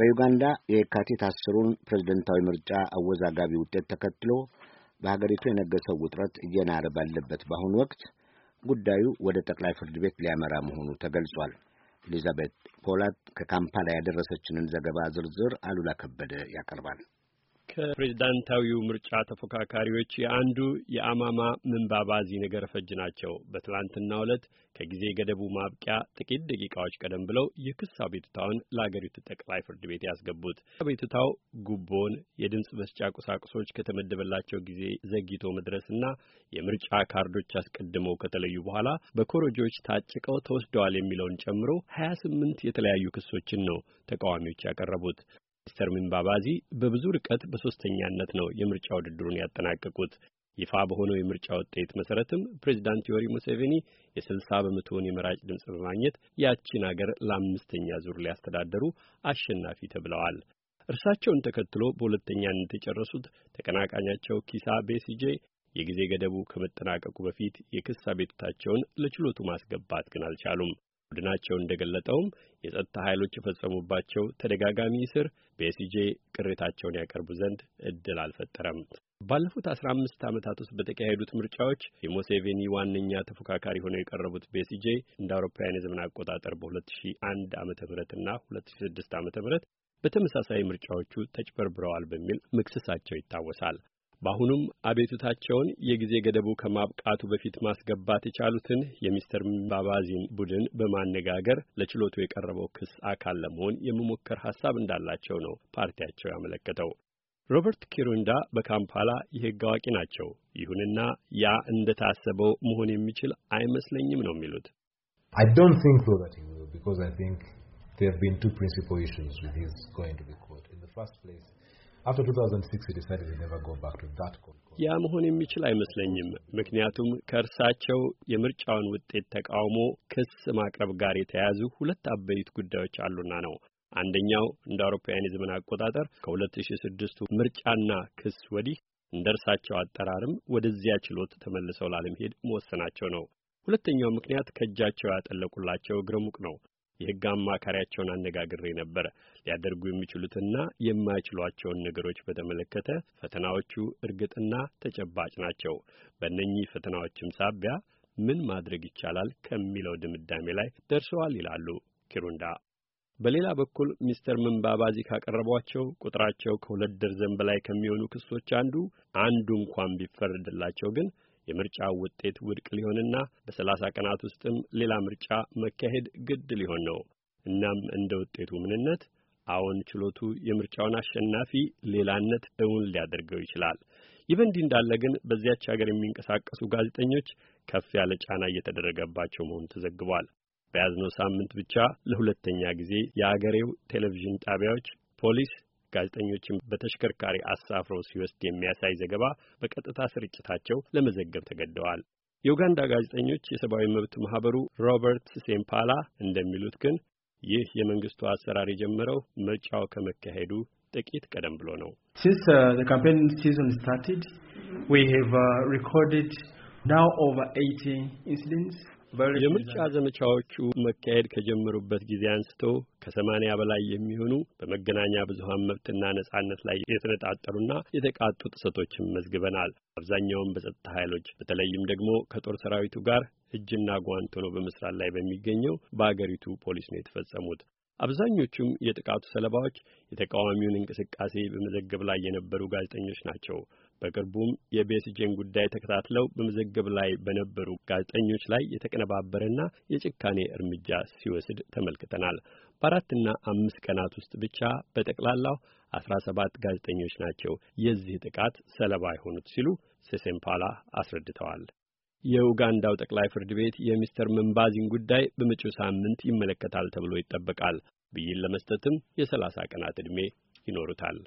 በዩጋንዳ የካቲት አስሩን ፕሬዝደንታዊ ምርጫ አወዛጋቢ ውጤት ተከትሎ በሀገሪቱ የነገሰው ውጥረት እየናረ ባለበት በአሁኑ ወቅት ጉዳዩ ወደ ጠቅላይ ፍርድ ቤት ሊያመራ መሆኑ ተገልጿል። ኤሊዛቤት ፖላት ከካምፓላ ያደረሰችንን ዘገባ ዝርዝር አሉላ ከበደ ያቀርባል። ከፕሬዝዳንታዊው ምርጫ ተፎካካሪዎች የአንዱ የአማማ ምንባባዚ ነገር ፈጅ ናቸው። በትላንትናው ዕለት ከጊዜ ገደቡ ማብቂያ ጥቂት ደቂቃዎች ቀደም ብለው የክስ አቤቱታውን ለአገሪቱ ጠቅላይ ፍርድ ቤት ያስገቡት። አቤቱታው ጉቦን፣ የድምፅ መስጫ ቁሳቁሶች ከተመደበላቸው ጊዜ ዘግይቶ መድረስና የምርጫ ካርዶች አስቀድመው ከተለዩ በኋላ በኮረጆች ታጭቀው ተወስደዋል የሚለውን ጨምሮ ሀያ ስምንት የተለያዩ ክሶችን ነው ተቃዋሚዎች ያቀረቡት። ሚስተር ሚንባባዚ በብዙ ርቀት በሶስተኛነት ነው የምርጫ ውድድሩን ያጠናቀቁት። ይፋ በሆነው የምርጫ ውጤት መሰረትም ፕሬዚዳንት ዮሪ ሙሴቬኒ የ60 በመቶውን የመራጭ ድምፅ በማግኘት ያቺን አገር ለአምስተኛ ዙር ሊያስተዳደሩ አሸናፊ ተብለዋል። እርሳቸውን ተከትሎ በሁለተኛነት የጨረሱት ተቀናቃኛቸው ኪሳ ቤሲጄ የጊዜ ገደቡ ከመጠናቀቁ በፊት የክስ አቤቱታቸውን ለችሎቱ ማስገባት ግን አልቻሉም። ቡድናቸው እንደገለጠውም የጸጥታ ኃይሎች የፈጸሙባቸው ተደጋጋሚ እስር በኤሲጄ ቅሬታቸውን ያቀርቡ ዘንድ እድል አልፈጠረም። ባለፉት አስራ አምስት ዓመታት ውስጥ በተካሄዱት ምርጫዎች የሞሴቬኒ ዋነኛ ተፎካካሪ ሆነው የቀረቡት ቤሲጄ እንደ አውሮፓውያን የዘመን አቆጣጠር በ2001 ዓ ምና 2006 ዓመተ ምህረት በተመሳሳይ ምርጫዎቹ ተጭበርብረዋል በሚል መክሰሳቸው ይታወሳል። በአሁኑም አቤቱታቸውን የጊዜ ገደቡ ከማብቃቱ በፊት ማስገባት የቻሉትን የሚስተር ምባባዚን ቡድን በማነጋገር ለችሎቱ የቀረበው ክስ አካል ለመሆን የመሞከር ሀሳብ እንዳላቸው ነው ፓርቲያቸው ያመለከተው። ሮበርት ኪሩንዳ በካምፓላ የሕግ አዋቂ ናቸው። ይሁንና ያ እንደታሰበው መሆን የሚችል አይመስለኝም ነው የሚሉት። After 2006 he decided never go back to that ያ መሆን የሚችል አይመስለኝም። ምክንያቱም ከእርሳቸው የምርጫውን ውጤት ተቃውሞ ክስ ማቅረብ ጋር የተያያዙ ሁለት አበይት ጉዳዮች አሉና ነው። አንደኛው እንደ አውሮፓውያን የዘመን አቆጣጠር ከ2006 ምርጫና ክስ ወዲህ እንደ እርሳቸው አጠራርም ወደዚያ ችሎት ተመልሰው ላለመሄድ መወሰናቸው ነው። ሁለተኛው ምክንያት ከእጃቸው ያጠለቁላቸው ግርሙቅ ነው። የህግ አማካሪያቸውን አነጋግሬ ነበር። ሊያደርጉ የሚችሉትና የማይችሏቸውን ነገሮች በተመለከተ ፈተናዎቹ እርግጥና ተጨባጭ ናቸው። በእነኚህ ፈተናዎችም ሳቢያ ምን ማድረግ ይቻላል ከሚለው ድምዳሜ ላይ ደርሰዋል ይላሉ ኪሩንዳ። በሌላ በኩል ሚስተር ምንባባዚ ካቀረቧቸው ቁጥራቸው ከሁለት ደርዘን በላይ ከሚሆኑ ክሶች አንዱ አንዱ እንኳን ቢፈረድላቸው ግን የምርጫው ውጤት ውድቅ ሊሆንና በሰላሳ ቀናት ውስጥም ሌላ ምርጫ መካሄድ ግድ ሊሆን ነው። እናም እንደ ውጤቱ ምንነት አዎን ችሎቱ የምርጫውን አሸናፊ ሌላነት እውን ሊያደርገው ይችላል። ይህ በእንዲህ እንዳለ ግን በዚያች ሀገር የሚንቀሳቀሱ ጋዜጠኞች ከፍ ያለ ጫና እየተደረገባቸው መሆኑ ተዘግቧል። በያዝነው ሳምንት ብቻ ለሁለተኛ ጊዜ የአገሬው ቴሌቪዥን ጣቢያዎች ፖሊስ ጋዜጠኞችን በተሽከርካሪ አሳፍሮ ሲወስድ የሚያሳይ ዘገባ በቀጥታ ስርጭታቸው ለመዘገብ ተገደዋል። የኡጋንዳ ጋዜጠኞች የሰብአዊ መብት ማህበሩ ሮበርት ሴምፓላ እንደሚሉት ግን ይህ የመንግስቱ አሰራር የጀመረው ምርጫው ከመካሄዱ ጥቂት ቀደም ብሎ ነው። Since uh, the campaign season started, የምርጫ ዘመቻዎቹ መካሄድ ከጀመሩበት ጊዜ አንስቶ ከሰማኒያ በላይ የሚሆኑ በመገናኛ ብዙሀን መብትና ነጻነት ላይ የተነጣጠሩና የተቃጡ ጥሰቶችን መዝግበናል። አብዛኛውም በጸጥታ ኃይሎች በተለይም ደግሞ ከጦር ሰራዊቱ ጋር እጅና ጓንት ሆኖ በመስራት ላይ በሚገኘው በአገሪቱ ፖሊስ ነው የተፈጸሙት። አብዛኞቹም የጥቃቱ ሰለባዎች የተቃዋሚውን እንቅስቃሴ በመዘገብ ላይ የነበሩ ጋዜጠኞች ናቸው። በቅርቡም የቤስጄን ጉዳይ ተከታትለው በመዘገብ ላይ በነበሩ ጋዜጠኞች ላይ የተቀነባበረና የጭካኔ እርምጃ ሲወስድ ተመልክተናል። በአራትና አምስት ቀናት ውስጥ ብቻ በጠቅላላው አስራ ሰባት ጋዜጠኞች ናቸው የዚህ ጥቃት ሰለባ የሆኑት ሲሉ ሴሴምፓላ አስረድተዋል። የኡጋንዳው ጠቅላይ ፍርድ ቤት የሚስተር መንባዚን ጉዳይ በመጪው ሳምንት ይመለከታል ተብሎ ይጠበቃል። ብይን ለመስጠትም የሰላሳ ቀናት ዕድሜ ይኖሩታል።